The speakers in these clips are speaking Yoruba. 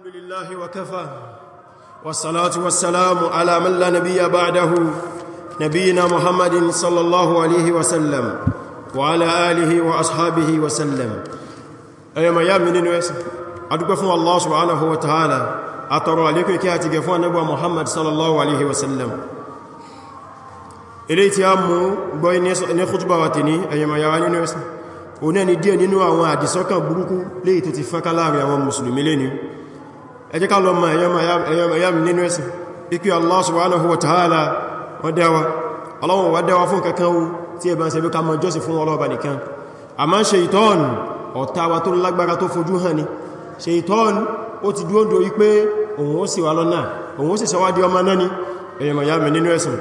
الحمد لله وكفى والصلاة والسلام على من لا نبي بعده نبينا محمد صلى الله عليه وسلم وعلى آله وأصحابه وسلم أيما يا من نويس أدقفوا الله سبحانه وتعالى أترى عليكم كي أتقفوا نبوى محمد صلى الله عليه وسلم إليت يا أمو بوي نخطبة واتني أيما يا من نويس ونأني دي ننوى وعدي سوكا بروكو ليتو تفاكا لاري أمام مسلمي لينيو ẹjẹ́ ká lọ ma ẹ̀yàm nínú ẹ̀sìn ikú Allah subhanahu wa ta'ala wọ́dẹ́wa ọlọ́wọ́ wọ́dẹ́wa fún kankan tí ẹ̀bá ń ṣe bí ká mọ jọ́sìn fún ọlọ́ọ̀bá nìkan a máa ń ṣe ìtọ́ọ̀nù ọ̀tàwà tó lágbára tó fojú hàn ní ṣe ìtọ́ọ̀nù ó ti dúó dórí pé òun ó sì wà lọ́nà òun ó sì sọwádìí ọmọ náà ní ẹ̀yẹ̀mọ̀ yàmì nínú ẹ̀sìn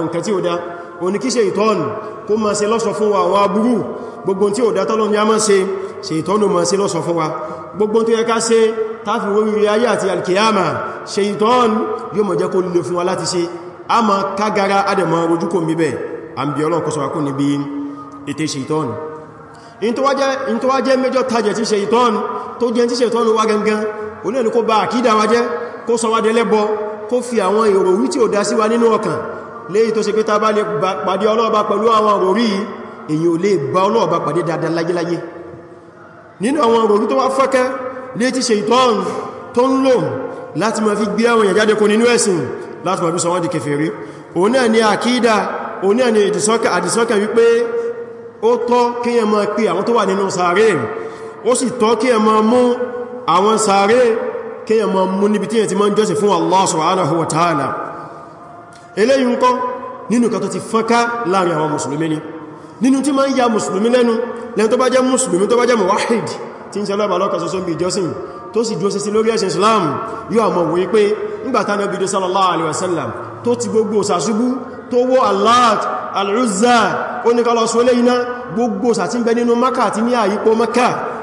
ṣe òní kí ṣe ìtọ́nù kó ma ṣe lọ́sọ fún wa àwọn aburú gbogbo tí ò dátọ́lọ́ ní a máa ṣe ìtọ́nù ma ṣe lọ́sọ fún wa gbogbo tó yẹ ká táfi oríire ayé àti alkiyama ṣe ìtọ́nù yóò mọ̀ jẹ́ kó lè fún wa láti ṣe a ma kágara adẹ̀mọ̀ ojú kò mí bẹ̀ àbí ọlọ́run kó ṣọ́ wa kó níbi ètè ṣe ìtọ́nù in tó wá kó fi àwọn èrò wí tí ò dá sí wa nínú ọkàn léyìí tó ṣe pé tábá lè pàdé ọlọ́ọ̀bá pẹ̀lú àwọn òròrí èyí ò lè bá ọlọ́ọ̀bá pàdé dáadáa láyéláyé nínú àwọn òròrí tó wá fẹ́kẹ́ léyìí ti ṣe ìtọ́n tó ń lò láti ma fi gbé àwọn èèyàn jáde kó nínú ẹ̀sìn láti ma fi sọ wọ́n di kèfèrí òun náà ni àkídà òun náà ni àdìsọ́kà wípé ó tọ́ kí ẹ eléyìn kọ́ nínú kan tó ti fọ́nká láàrin àwọn mùsùlùmí ni nínú tí ma ń ya mùsùlùmí lẹ́nu lẹ́n tó bá jẹ́ mùsùlùmí tó bá jẹ́ muwahid tí ń sẹ́lọ́bà lọ́kà sọ́sọ́ bí ìjọsìn tó sì dúró sí lórí ẹ̀sìn Islam yóò mọ̀ wí pé nígbàtá náà bídó sallallahu alaihi wasallam tó ti gbogbo sàṣubú tó wó Allat al-Uzza oníkalọ́sọ́lé iná gbogbo sàtí ń bẹ nínú Makka àti ní àyípo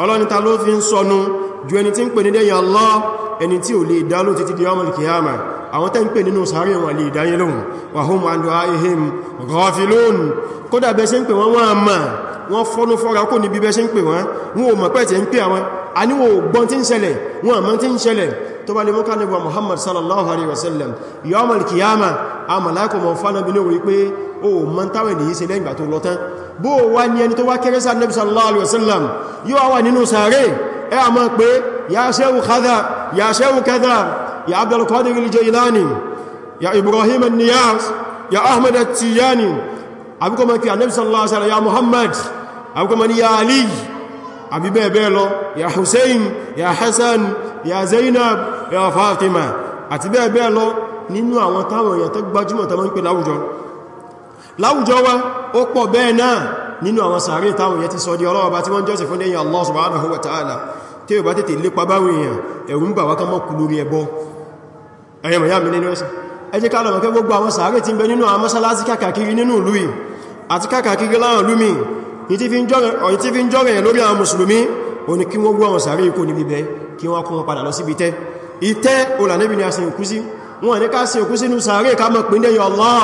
ọlọ́ni ta ló fi ń sọnù ju ẹni tí ń pè ní dẹ́yìn Allah ẹni tí ò lè dá ló títí di ọmọ kìyàmà àwọn tẹ́ ń pè nínú sàárè wọn lè dáyé lóhun wa hum an du'aihim ghafilun kódà bẹ́ ṣe ń pè wọ́n wọ́n a mà wọ́n fọ́nú fọ́ra kò ní bí bẹ́ ṣe ń pè wọ́n wọn ò mọ̀ pẹ́ tẹ́ ń pè mọ́ táwọn ènìyàn bó wá ní ẹni tó wá kéré sáà Nabi sallallahu alaihi wasallam yóò wà nínú sàárè ẹ a mọ́ pé ya ṣẹ́wù kádà ya ṣẹ́wù kádà ya Abdul Qadir al-Jilani ya Ibrahim al-Niyas ya Ahmad al-Tijani abúkọ mọ́ kí a Nabi sallallahu alaihi wasallam ya Muhammad abúkọ mọ́ ni ya Ali àbí bẹ́ẹ̀ bẹ́ẹ̀ lọ ya Hussein ya Hassan ya Zainab ya Fatima àti bẹ́ẹ̀ lọ nínú àwọn táwọn èèyàn gbajúmọ̀ tó mọ́ ń láwùjọ wa ó pọ̀ bẹ́ẹ̀ náà nínú àwọn sàárè táwọn yẹ ti sọ di ọlọ́ọ̀bá tí wọ́n jọ́sìn fún lẹ́yìn Allah subhanahu wa ta'ala tí ó bá tètè lépa báwọn èèyàn ẹ̀rù ń bà wá ká mọ́ kú lórí ẹbọ ẹ̀yẹmọ̀ yá mi nínú ẹ̀sìn ẹ jẹ́ ká lọ mọ̀kẹ́ gbogbo àwọn sàárè tí ń bẹ nínú àwọn mọ́sálásí kàkàkiri nínú ìlú yìí àti kàkàkiri láwọn lúmi ní tí fi ń jọ́rẹ̀ lórí àwọn mùsùlùmí ó ní kí ìtẹ́ olànẹ́bì ni a wọn ní ká sin òkú sínú sàárè ká mọ̀ pín lẹ́yìn Allah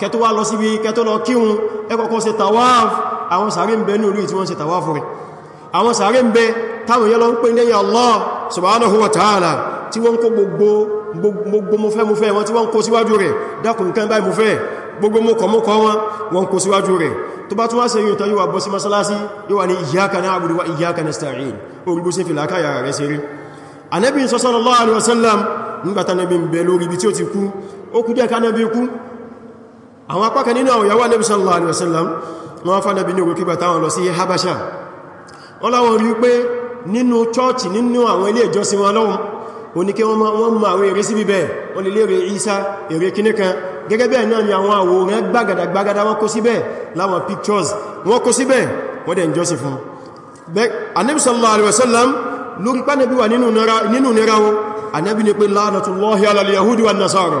kẹtọ́ wá lọ síbi kẹtọ́ lọ kírun ẹkọ̀kọ́ ṣe tawaf àwọn sàárè ń bẹ ní orí tí wọ́n ṣe tawaf rẹ̀ àwọn sàárè ń bẹ táwọn yẹ́ lọ ń pè lẹ́yìn Allah subhanahu wa ta'ala tí wọ́n kó gbogbo gbogbo mo fẹ́ mo fẹ́ wọn tí wọ́n kó masalasi yíwa ni iyyaka na'budu wa iyyaka nasta'in orúgbó sí fìlàkà yàrá rẹ̀ sí rí anẹ́bìn sallallahu alaihi wasallam nígbàtà nẹ́bìn bẹ̀ lórí ibi tí ó kú ó kú dẹ́ ká kú àwọn apákan nínú àwọn ìyàwó Ànábì sallallahu alaihi wasallam wọ́n fà Ànábì ní ogun kígbà táwọn lọ sí Habasha wọ́n láwọn rí pé nínú chọ́ọ̀chì nínú àwọn ilé ìjọsìn wọn lọ́wọ́ o ní kí wọ́n mọ àwọn ère sí bíbẹ̀ wọ́n lè lérè Isa ère kìnnìkan gẹ́gẹ́ bẹ́ẹ̀ náà ni àwọn àwòrán gbàgàdà gbàgàdà wọ́n kó síbẹ̀ láwọn pictures wọ́n kó síbẹ̀ wọ́n dẹ̀ ń jọ́sìn fún Ànábì sallallahu alaihi lórí pánàbí nínú nira wọn Ànábì pé la'natullahi ala al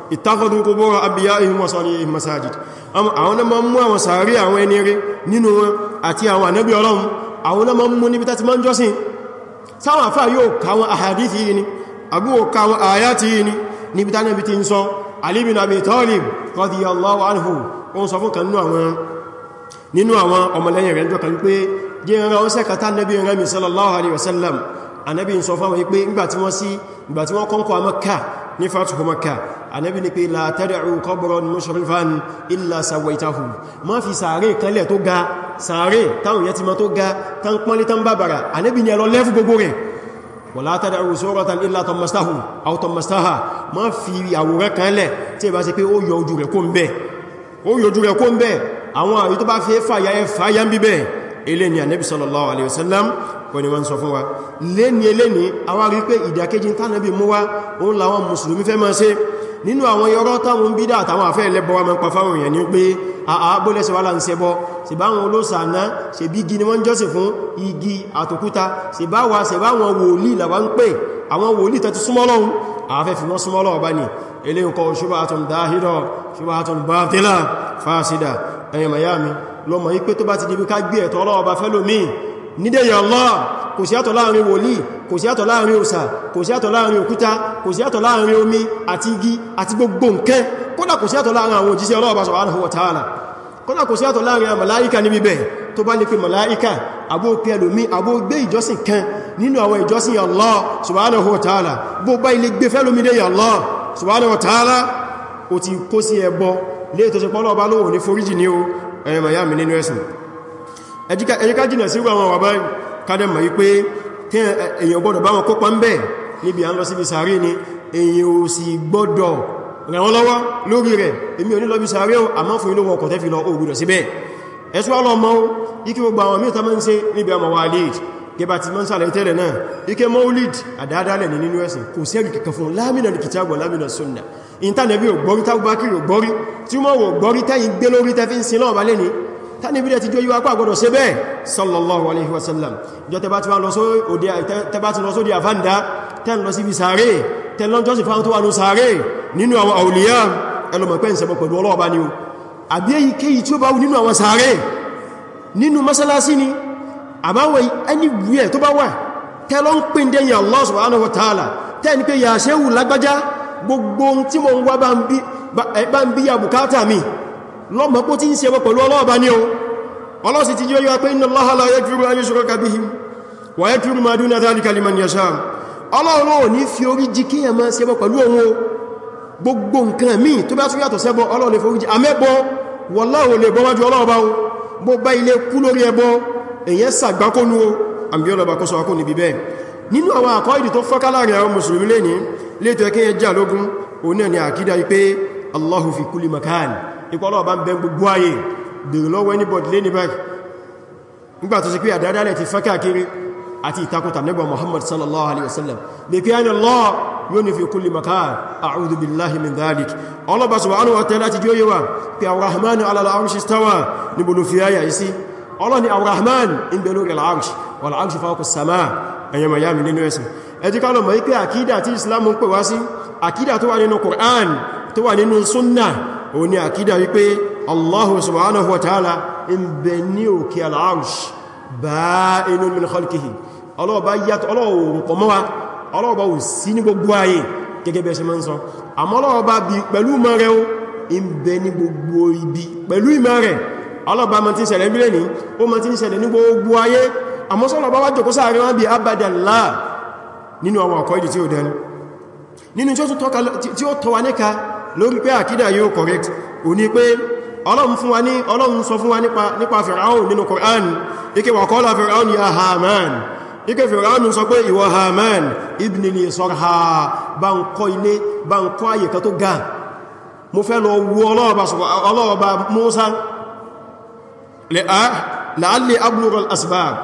ittakhadhu qubur abiya'ihim wa salihihim masajid àwọn náà máa mú àwọn sàárì àwọn ẹni rere nínú wọn àti àwọn ànábì Ọlọ́run àwọn náà máa mú níbi tá ti máa ń jọ́sìn sáwọn àfáà yóò káwọn àhàdìsì yìí ni àbúwò káwọn àyàtì yìí ni níbi tánàbí ti ń sọ Ali bin Abi Talib radiyallahu anhu ó ń sọ fún kan nínú ní fàtíkù Makkah anẹ́bí ni pé la tad'u qabran mushrifan illa sawaitahu ma fi sàárè kanlẹ̀ tó ga sàárè táwọn yẹ ti ma tó ga tán pọ́nlé tán bàbàrà anẹ́bí ni ẹlọ lẹ́fù gbogbo rẹ̀ wala tad'u suratan illa tammastahu aw tammastaha ma fi àwòrán kanlẹ̀ tí ẹ ilé ni ànábì sallallahu alaihi wasallam kọni wọ́n sọ fún wa lé ní ilé ni a wá rí pé ìdàkejì tánàbí mú wá òun làwọn mùsùlùmí fẹ́ máa ṣe nínú àwọn yọrọ táwọn bídá àtàwọn àfẹ́ ẹlẹ́bọ wa máa pa fáwọn èèyàn ní pé àábólẹ́sẹ̀ wà láàrín sẹ́bọ́ sẹ̀báwọn olóòsàná sẹ̀bí igi ni wọ́n jọ́sìn fún igi àtòkúta sẹ̀báwà bá ní eléyìnkọ̀ ẹ̀yìn miami lọ mọ̀ wípé tó bá ti di bí ká gbé ẹ̀tọ́ ọlọ́wọ́ bá fẹ́lò míì nídẹ̀yà Allah kò sí àtọ̀ láàrin wòlíì kò sí àtọ̀ láàrin òsà kò sí àtọ̀ láàrin òkúta kò sí àtọ̀ láàrin omi àti igi àti gbogbo nǹkan kódà kò sí àtọ̀ láàrin àwọn òjíṣẹ́ Ọlọ́run bá subhanahu wa ta'ala kódà kò sí àtọ̀ láàrin Allah subhanahu wa ta'ala bó bá ilé gbé fẹ́lómi Allah subhanahu wa ta'ala ó ti kó sí ẹbọ lé ní foríjì ní o ẹ̀yẹmà yà mí nínú ẹ̀sìn ẹjíká jìnà sí àwọn wàbá kádẹ̀mà yí pé èyàn gbọ́dọ̀ bá wọn kópa ń bẹ̀ níbi à ń lọ síbi sàárè ni èyàn ò sì gbọ́dọ̀ ràn wọ́n lọ́wọ́ lórí rẹ̀ èmi ò ní lọ́bí sàárè o àmọ́ fún ilé wọn kọ̀tẹ́ fi lọ ògbùdọ̀ síbẹ̀ ẹ̀sùn alọ́mọ́ ikú gbogbo àwọn mí kẹba ti mọ́n sàlẹ̀ tẹ́lẹ̀ náà ike maulid àdádálẹ̀ ní nínú ẹ̀sìn kò sẹ́rì kẹkẹ fún lámìnà kìtàgbà lámìnà sunna intanẹ̀bí ògbọ́rí tágbákìrì ògbọ́rí tí mọ́ ògbọ́rí tẹ́yìn gbé lórí tẹ́fí ń sin náà balẹ̀ ní tánibí rẹ̀ ti jó yíwá pà gbọdọ̀ ṣe bẹ́ẹ̀ sallallahu alaihi wasallam jọ tẹbá ti lọ sódí àfáǹdá tẹ́ lọ sí ibi sàárè tẹ́ lọ jọ́sì fáwọn tó wà ní sàárè nínú àwọn àwòlíyà ẹlọmọ̀ pẹ́ ni àbáwẹ̀ anywhere tó bá wà tẹ́lọ ń pín dẹ́yìn Allah subhanahu wa ta'ala tẹ́ni pé yà ṣe wù lágbájá gbogbo tí mo ń wá bá ń bí àbùkátà mi lọ́mọ̀pó tí ń ṣe pẹ̀lú ọlọ́ọ̀bá ní o ọlọ́sì ti yíwa pé inna ilé kú lórí ẹbọ èyàn sàgbákónú o àbíọ́lọ̀bà kọ́sọ̀ akó níbi bẹ́ẹ̀ nínú àwọn àkọ́ ìdí tó fọ́ká láàrin àwọn mùsùlùmí lè ní léètò ẹkẹ́ ẹjẹ́ àlógún òun náà ni àkídà wípé Allahu fi kulli makan ìpọ́lọ̀ bá ń bẹ gbogbo ayé bèèrè lọ́wọ́ anybody lè ní báyìí nígbà tó sì pé àdádálẹ̀ ti fọ́ká kiri àti ìtakùn tàbí Muhammad sallallahu alaihi wasallam bí pé ẹni Allah yóò ní isi ọlọ́ni al-Rahman ń bẹ lórí al-Arsh wal-Arshu fawqa as-samaa ẹ̀yẹmọ̀ yá mi nínú ẹ̀sìn ẹjí ká lọ mọ̀ ipé àkídà tí Islam ń pè wá sí àkídà tó wà nínú Qur'an tó wà nínú súnnà ó ní àkídà wípé Allahu subhanahu wa ta'ala ń bẹ ní òkè al-Arsh ba'inun min khalqihi ọlọ́ọ̀bá yàtọ̀ ọlọ́ọ̀rùpọ̀ gbogbo ibi pẹ̀lú ìmọ̀ rẹ̀ ọlọ́ba ma ti ń ṣẹlẹ̀ bílẹ̀ ní ó ma ti ń ṣẹlẹ̀ ní gbogbo ayé àmọ́sọ́lọ́ba wá jòkó sáàrin wọ́n bí abadàlá nínú àwọn ọkọ̀ ìdí tí ó dẹnu nínú tí ó tọ́wa níka lórí pé àkídà yóò correct ò ní pé ọlọ́run sọ fún wa nípa Fir'aun nínú Qur'an ike wà kọ́lá Fir'aun ya Haman ike Fir'aun sọ pé ìwọ Haman ibn li sarha bá ń kọ́ ilé bá ń kọ́ àyíká tó ga mo fẹ́ lọ wu ọlọ́ọ̀bá Musa لعلي أبلغ الأسباب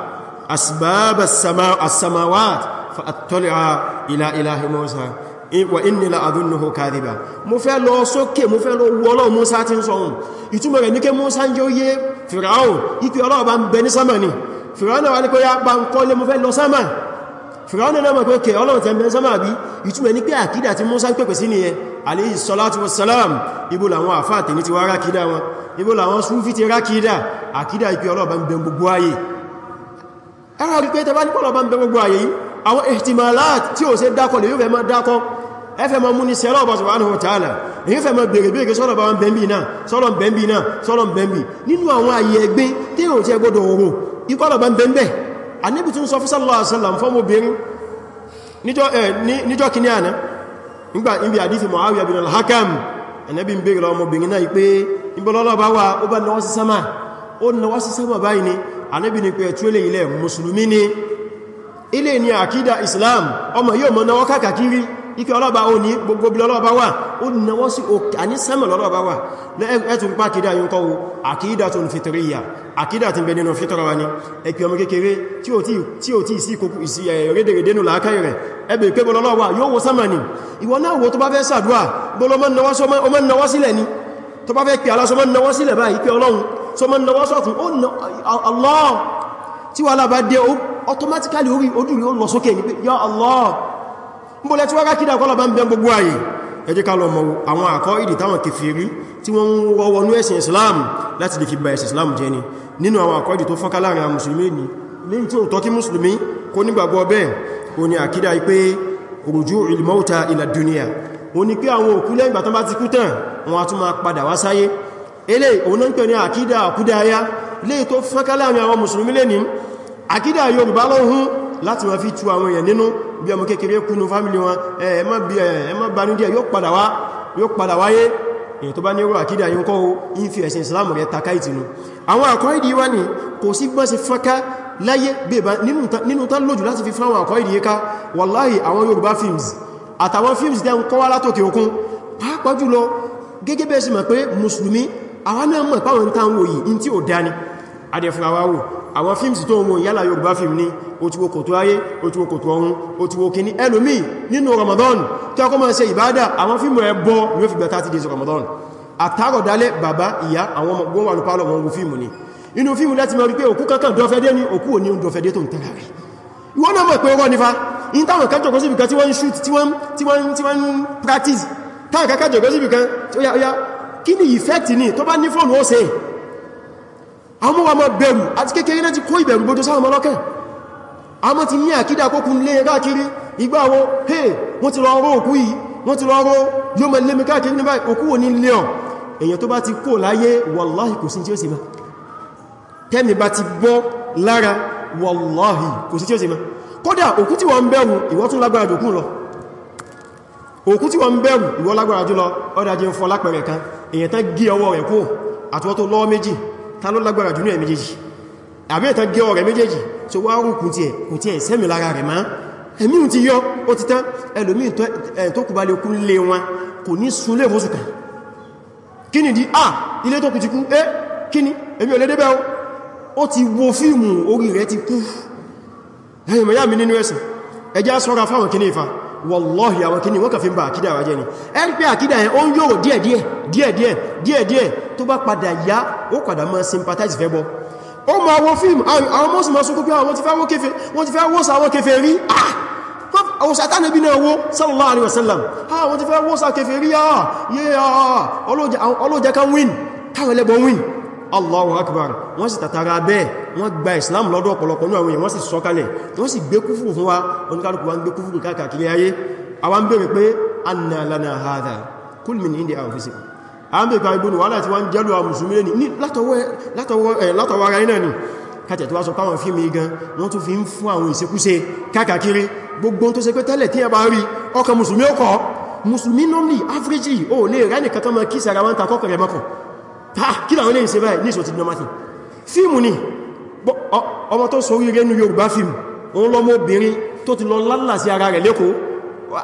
أسباب السماء السماوات فأطلع إلى إله موسى وإني لأظنه كاذبا mo fẹ́ lọ sókè mo fẹ́ lọ wo Ọlọ́run Musa tí ń sọ ohun ìtumọ̀ rẹ̀ ní kí Musa ń jẹ́ ó yé Fìràún ìpé Ọlọ́run bá ń bẹ ní sámà ni Fìràún náà wà ní pé ya bá ń kọ́lé mo fẹ́ lọ sámà fìránà náà mọ̀ pé ọlọ́run tẹ́ mẹ́sán máa bí ìtumẹ̀ ní pé àkídà tí Mùsá ń pèpè sí nìyẹn alayhi salatu wassalam ibo làwọn àfáà tèmi ti wá rákídà wọn ibo làwọn súnfí ti rákídà àkídà ìpé ọlọ́ọ̀bá ń ń bẹ̀m̀bẹ̀ àníbì tún sọ fíṣàlọ́ àṣẹ́lá fọ́mọbìnrin níjọ́ kìíní àná nígbà ibi àdífì Muawiya bin al-Hakam ànábì ń bèèrè ọmọbìnrin náà pé ìbọ̀lọ́lọ́ bá wà ó bá náwọ́ sí sámà ó náwọ́ sí sámà báyìí ni ànábì ni pé ẹ̀túlé ilẹ̀ mùsùlùmí ni ilé ni ike ọlọ́ba ó ní gbogbo bí ọlọ́ba wà ó náwó sí òkè ní sẹ́mọ̀ lọ́lọ́ba wà lẹ́ẹ̀tún pa kìdá yóò kọ́wọ́ àkídàtún fìtìríyà àkídàtún bẹ nínú fìtìrà wa ní ẹ̀pì ọmọ kékeré tí ó tí sí kòkù ìsì ẹ̀rẹ́dẹ̀rẹ̀dẹ̀nù orí ojú rí ó lọ sókè ní pé ya Allah mbọ́lẹ̀ tí wá rákídà kọ́lọ̀ bá ń bẹ gbogbo ayé ẹ jẹ́ ká lọ mọ̀ àwọn àkọ́ ìdí táwọn kèfèrí tí wọ́n wọ́wọ́nú ẹ̀sìn islam láti lè fi bà ẹ̀sìn islam jẹ́ ni nínú àwọn àkọ́ ìdí tó fọ́nká láàrin àwọn musulmi ni ní tí ó tọ́ kí musulmi kó nígbàgbọ́ bẹ́ẹ̀ o ni àkídà pé rujú ilmọ́ta ila duniya o ni pé àwọn òkú lẹ́yìn bàtán bá ti kú tán wọn a tún máa padà wá sáyé yorùbá lọ́hún láti wọ́n fi tú àwọn èèyàn nínú bí ọmọ kékeré kúnnú fámílì wọn ẹ̀ẹ̀mọ́ banújẹ́ yóò padà wáyé èyàn tó bá ní ọrọ̀ àkídà yíò kọ́wọ́ ìfì ẹ̀sìn Islam rẹ̀ takáìtì nù àwọn àkọ́ìdì wá ní kò sí gbọ́n sí fọ́ká láyé bèbá nínú tán lójú láti fi fáwọn àkọ́ìdì yíká wàláhì àwọn Yorùbá films àtàwọn films dẹ́ ń kọ́ wá látòkè òkun pàápàá jùlọ gẹ́gẹ́ bẹ́ẹ̀ sì mọ̀ pé mùsùlùmí àwọn náà mọ̀ páwọn táwọn wòyí àwọn fíìmsì tó wọn yálà Yorùbá fíìmù ní ó ti wo kòtò ayé ó ti wo kòtò ọ̀run ẹlòmí nínú Ramadan tí ọkọ́ máa ṣe ìbádà àwọn fíìmù rẹ̀ bọ́ ní ó fi gbẹ̀ 30 days Ramadan àtàrọ̀ dálẹ̀ bàbá ìyá àwọn ọmọ gbọ́n wà ní pálọ̀ wọn wo fíìmù ni inú fíìmù láti máa rí pé òkú kankan dọ́fẹ́dé ní òkú òní dọ́fẹ́dé tó ń tẹ́lá rẹ̀ ìwọ́n náà mọ̀ pé wọ́n nífà in táwọn kan jọ̀gọ́ síbìkan tí wọ́n ń shoot àwọn wa máa bẹ̀rù àti kékeré náà ti kó ìbẹ̀rù bójó sáwọn ọmọlọ́kẹ́ àmọ́ ti ní àkídà kókún lé káàkiri ìgbà wo hey wọ́n ti lọ rọ òkú yìí wọ́n ti lọ rọ yóò mẹ́ lémi káàkiri ní báyìí òkú wọ́n ní lé ọ̀ èyàn tó bá ti kó láyé wàláhì kò sí tí ó sì mẹ́ tẹ́mi bá ti bọ́ lára wàláhì kò sí tí ó sì mẹ́ kódà òkú tí wọ́n bẹ̀rù ìwọ tún lágbára jù ta ló lágbára jù ní ẹ̀ méjèèjì àbí ìtàn gẹ́ ọ̀rẹ́ méjèèjì tó wá rú kùn tí ẹ̀ kùn tí ẹ̀ sẹ́mì lára rẹ̀ máa ẹ̀mí ti yọ ó ti tán ẹlòmí tó kù bá lè kú lé wọn kò ní súnlé fóṣù kan kí ni di a ilé tó kù ti kú ẹ́ kí ni èmi ò lè débẹ̀ ó ti wo fíìmù orí rẹ̀ ti kú ẹ̀yìn mọ̀yá mi nínú ẹ̀sìn ẹjá sọ́ra fáwọn kìnnìfà wallahi àwọn kìíní wọ́n kà fi ń bá àkídà wa jẹ́ ni ẹ̀rí pé àkídà yẹn ó ń yóò díẹ̀díẹ̀ díẹ̀díẹ̀ díẹ̀díẹ̀ tó bá padà yá ó padà máa sympathize fẹ́ bọ́ ó ma wo fíìmù àwọn mọ́sí ma sókú pé àwọn ti fẹ́ wó kéfe wọ́n ti fẹ́ wó sàwọn kéfe rí àwọn alaihi wasallam àwọn ti fẹ́ wó sà kéfe rí ah yé ah, ah, ah, ah ọlọ́jẹ́ kan win káwọn ẹlẹ́bọ̀ win Allahu akbar wọ́n sì tàtàrà bẹ́ẹ̀ wọ́n gba Islam lọ́dọ̀ ọ̀pọ̀lọpọ̀ ní àwọn èèyàn wọ́n sì sọ́kalẹ̀ wọ́n sì gbé kúfùrù fún wa oníkálùkù wa ń gbé kúfùrù káàkiri ayé àwọn bèèrè pé anna lana hadha kul min indi anfusikum a ń bèèrè pa ibùn wàhálà tí wọ́n jẹ́lù àwọn musulmi ní látọwọ́ ara iná ni kàtẹ̀ tó wá sọ páwọn fíìmù igan wọ́n tún fi ń fún àwọn ìṣekúṣe káàkiri gbogbo tó ṣe pé tẹ́lẹ̀ tí a bá rí ọkàn musulmi ó kọ́ musulmi normally average o lè rẹ́ nìkan kan mọ́ kí sàrà wọn kí làwọn ilé ìṣẹ́ báyìí ní ìṣòtí normal thing fíìmù ni ọmọ tó sọ orí rẹnu Yorùbá fíìmù òun lọ́mọ obìnrin tó ti lọ lálà sí ara rẹ̀ lẹ́kọ́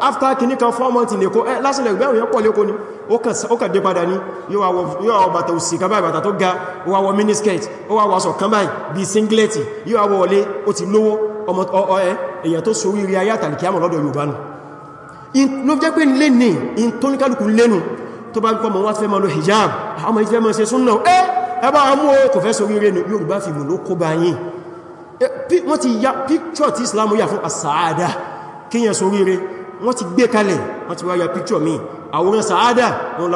after kìní kan four months lẹ́kọ́ ẹ lásìlẹ̀ ìgbẹ̀rún yẹn pọ̀ lẹ́kọ́ ni ó kà dé padà ní yóò àwọ̀ bàtà òsì kan báyìí bàtà tó ga miniskirt ó wà wọ aṣọ kan báyìí bí singlet yóò àwọ̀ wọlé ó ti lówó ọmọ ọ̀ẹ́ èyàn tó sorí rí ayátàlì kí á mọ̀ lọ́dọ̀ tó bá gbọ́mọ̀ wá fẹ́ mọ́ lọ hijab ọmọ ìfẹ́ mọ́ ṣe súnnà ẹ́ eh, ẹbá amú o kò fẹ́ sórí rẹ̀ Yorùbá fi mú ló kó bá yìí eh, wọ́n ti ya píkṣọ̀ tí Islam yà fún àsáàdá kíyàn sórí rẹ̀ wọ́n ti gbé kalẹ̀ wọ́n ti wá ya píkṣọ̀ mi àwòrán sàádà wọn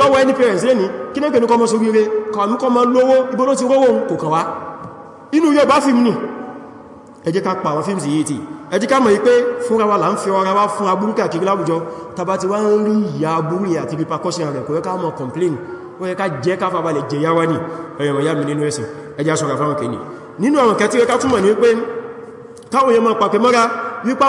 láwòrán parents lẹ́ni kí náà pẹ̀lú kọmọ sórí rẹ̀ kọmọ lówó ibó ló ti rówó kò kàwá inú ẹ jẹ́ ká pa àwọn fíìmsì yìí tí ẹ jẹ́ ká mọ̀ wípé fúnra wa là ń fi ọra wá fún aburú káàkiri láwùjọ tàbá ti wá ń rí ìyà aburú àti repercussion rẹ̀ kò yẹ ká mọ̀ complain ó yẹ ká jẹ́ ká fàbalẹ̀ jẹ yá wá ní ẹ̀yọ̀mọ̀ yá mi nínú ẹ̀sìn ẹ jẹ́ aṣọ́ra fáwọn kìíní nínú àwọn kẹtí ẹ ká túnmọ̀ ní wípé káwọn yẹ mọ̀ pàpẹ́ mọ́ra wípá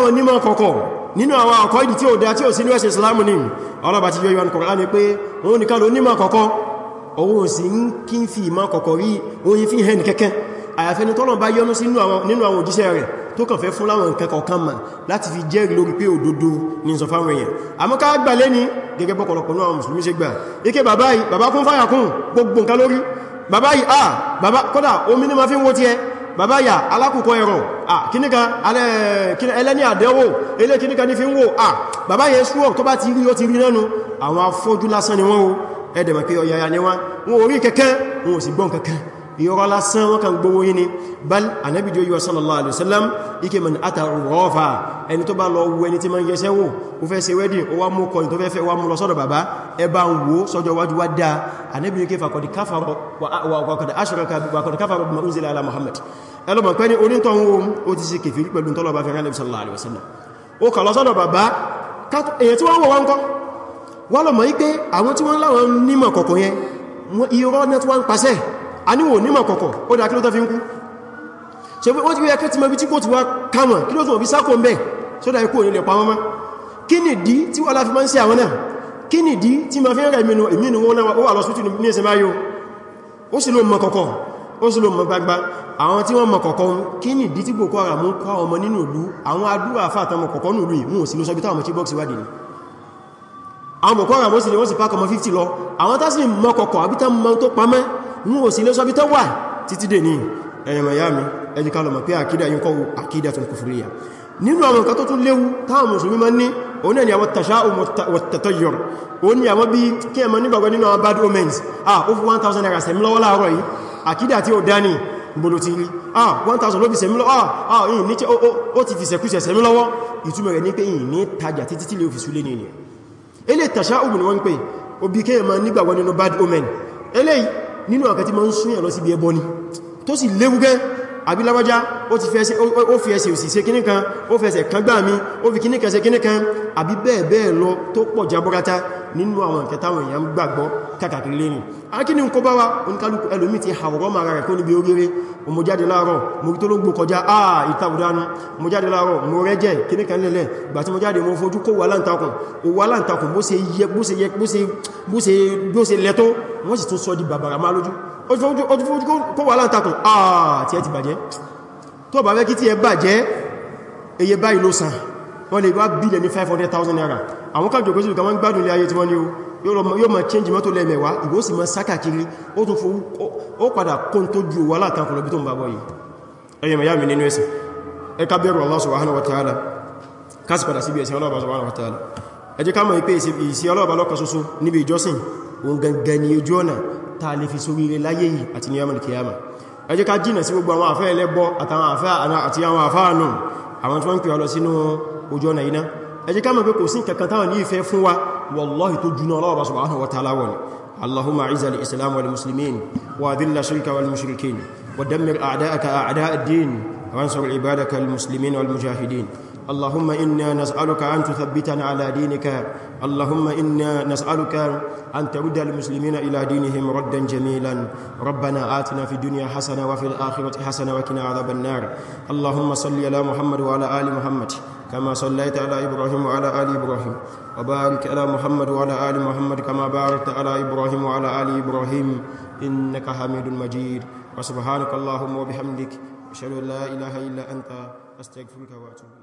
àyàfẹ́ni tọ́lọ̀ bá yọ́nú sí nínú àwọn òjíṣẹ́ rẹ̀ tó kàn fẹ́ fún láwọn nǹkan kọ̀ọ̀kan mà láti fi jẹ́rìí lórí pé òdodo ní sọ fáwọn èèyàn àmọ́ ká gbà lé ní gẹ́gẹ́ bọ́kọ̀lọpọ̀ ní àwọn mùsùlùmí ṣe gbà ike bàbá yìí bàbá kún fáyà kún gbogbo nǹkan lórí bàbá yìí ah bàbá kódà ma fi ń wo ti ẹ bàbá yà ah kíníkà ẹlẹ́ni àdẹ́wò ilé kíníkà ní fi ń wò ah bàbá yẹn sùọ̀ tó bá ti rí ó ti rí lẹ́nu àwọn afọ́jú lásán ni wọ́n o ẹ̀dẹ̀mọ̀ pé ọ̀yàyà ni wọ́n wọ́n orí kẹ́kẹ́ wọ́n ò sì gbọ́n kẹ́kẹ́ ìrọ́ lásán wọ́n kan gbówó yí ni bal anábìjọ yíwa sallallahu alaihi wasallam ike man ata rọ́fà ẹni tó bá lọ wu ẹni tí ma ń yẹsẹ́ wò ó fẹ́ ṣe wedding ó wá mú kọni tó fẹ́ fẹ́ wá mú lọ sọ́dọ̀ bàbá ẹ bá ń wo sọ́jọ́ wájú wá dáa anábìjọ kéfà kọ̀dí káfàrọ̀ wà kọ̀dí ashraka wà kọ̀dí káfàrọ̀ bí ma ń zilẹ̀ ala Muhammad ẹlọ́mọ̀ pẹ́ ní onítọ̀ wo ó ti ṣe kèfèrí pẹ̀lú tọ́lọ́bà fẹ́ rẹ̀ sallallahu alaihi wasallam ó kà lọ net one percent a níwò nímọ̀ kọ̀kọ̀ ó dá kí ló tán fi ń kú ṣe wọ́n ti rí ẹkẹ́ ti mọ̀ bí tí kò ti wá kàmọ̀ kí ló tún òbí sákò ń bẹ̀ tó dá ikú òní lè pa mọ́mọ́ kí ni dí tí wọ́n láfi máa ń sí àwọn náà kí ni dí tí ma fi ń rẹ̀ mínú ìmínú wọn náà ó wà lọ sútù ní ẹsẹ̀ máyó ó sì ló mọ̀ kọ̀kọ̀ ó sì ló mọ̀ gbagba àwọn tí wọ́n mọ̀ kọ̀kọ̀ kí ni dí tí Boko Haram ń kọ́ ọmọ nínú ìlú àwọn adúrà fàtà mọ̀ kọ̀kọ̀ nù rí mú sí ló sọ́bítà ọmọ kíbọ́ọ̀sì wádìí ni àwọn Boko Haram wọ́n sì pákọ̀ mọ́ 50 lọ àwọn tá sì àbítà mọ́ tó pamẹ́ wọn ò sí lè sọ bí tó wà títí dè ní ẹ̀yẹ̀ miami ẹjíká lọ mọ̀ pé àkídà yín kọ́ àkídà tó kufuriya nínú àwọn nǹkan tó tún léwu táwọn mùsùlùmí ma ní òun náà ni àwọn tasha'um wat tatayyur ni àwọn bí kí ẹmọ nígbàgbọ́ nínú àwọn bad omens ah ó fi 1000 naira sẹ̀mí lọ́wọ́ láàárọ̀ yìí àkídà tí ó dání gbolo ti rí ah 1000 ló fi sẹ̀mí lọ́wọ́ ah yìí ní ó ti fi sẹ̀kúsẹ̀ sẹ̀mí lọ́wọ́ ìtumọ̀ rẹ̀ ní pé yìí ní tajà títí tí lè fi súlé ní ilẹ̀ tasha'um ni wọ́n ń pè ó bí kí ẹmọ nígbàgbọ́ nínú bad omen eléyìí nínú ọ̀kẹ́ tí ma ń súnyàn lọ sí ibi ẹbọ ni tó sì léwu gẹ́ àbí lágbájá ó ti fẹ́ẹsẹ̀ ó fi ẹsẹ̀ òsì ṣe kíníkan ó fẹ́ẹsẹ̀ kan gbà mí ó fi kíníkan ṣe kíníkan àbí bẹ́ẹ̀ bẹ́ẹ̀ lọ tó pọ̀ jaborata nínú àwọn ìkẹtàwọn èèyàn gbàgbọ́ kàkàkì lérìn akíni kó bá wa oníkálùkù ẹlòmí ti àwọ̀rọ̀ ma ara rẹ̀ kó níbi oríire mo jáde láàárọ̀ mo rí tó ló gbò kọjá àà ìtàbùdánú mo jáde láàárọ̀ mo rẹ́jẹ̀ kíníkan lẹ́lẹ̀ gbà tí mo jáde mo fojú kó wà láǹtakùn wà láǹtakùn bó ṣe yẹ bó ṣe yẹ bó ṣe naira àwọn kan jòkó sí ìgbà wọ́n gbádùn ilé ayé tí wọ́n ní o yóò ma change mọ́tò lẹ́mẹ̀wá ìgbó sì ma sáka kiri ó tún fún ó padà kún tó ju wà látàkùn lọ bí tó ń bàbọ̀ yìí ẹyẹ mẹ́yà mi nínú ẹsẹ̀ ẹka bẹ̀rù Allah subhanahu wa ta'ala kásì padà síbi ẹ̀sìn ọlọ́ọ̀bá subhanahu wa ta'ala ẹ jẹ́ ká mọ̀ pé ìsí ọlọ́ọ̀bá lọ́kan ṣoṣo níbi ìjọsìn ta lè fi sórí rẹ láyé yìí kiyama ẹ jẹ́ ká jìnà sí gbogbo àwọn àfẹ́ ẹlẹ́bọ àtàwọn àfẹ́ àti àwọn àfẹ́ àánú àwọn tí wọ́n ń pè ọ lọ sínú ojú ọ̀nà iná ẹ jẹ́ ká mọ̀ والله تجنا الله سبحانه وتعالى اللهم اعز الاسلام والمسلمين واذل الشرك والمشركين ودمر اعداءك اعداء الدين وانصر عبادك المسلمين والمجاهدين اللهم إنا نسألك أن تثبتنا على دينك اللهم إنا نسألك أن ترد المسلمين إلى دينهم ردا جميلا ربنا آتنا في الدنيا حسنة وفي الآخرة حسنة وكنا عذاب النار اللهم صل على محمد وعلى آل محمد كما صليت على إبراهيم وعلى آل إبراهيم وبارك على محمد وعلى آل محمد كما باركت على إبراهيم وعلى آل إبراهيم إنك حميد مجيد وسبحانك اللهم وبحمدك أشهد أن لا إله إلا أنت أستغفرك وأتوب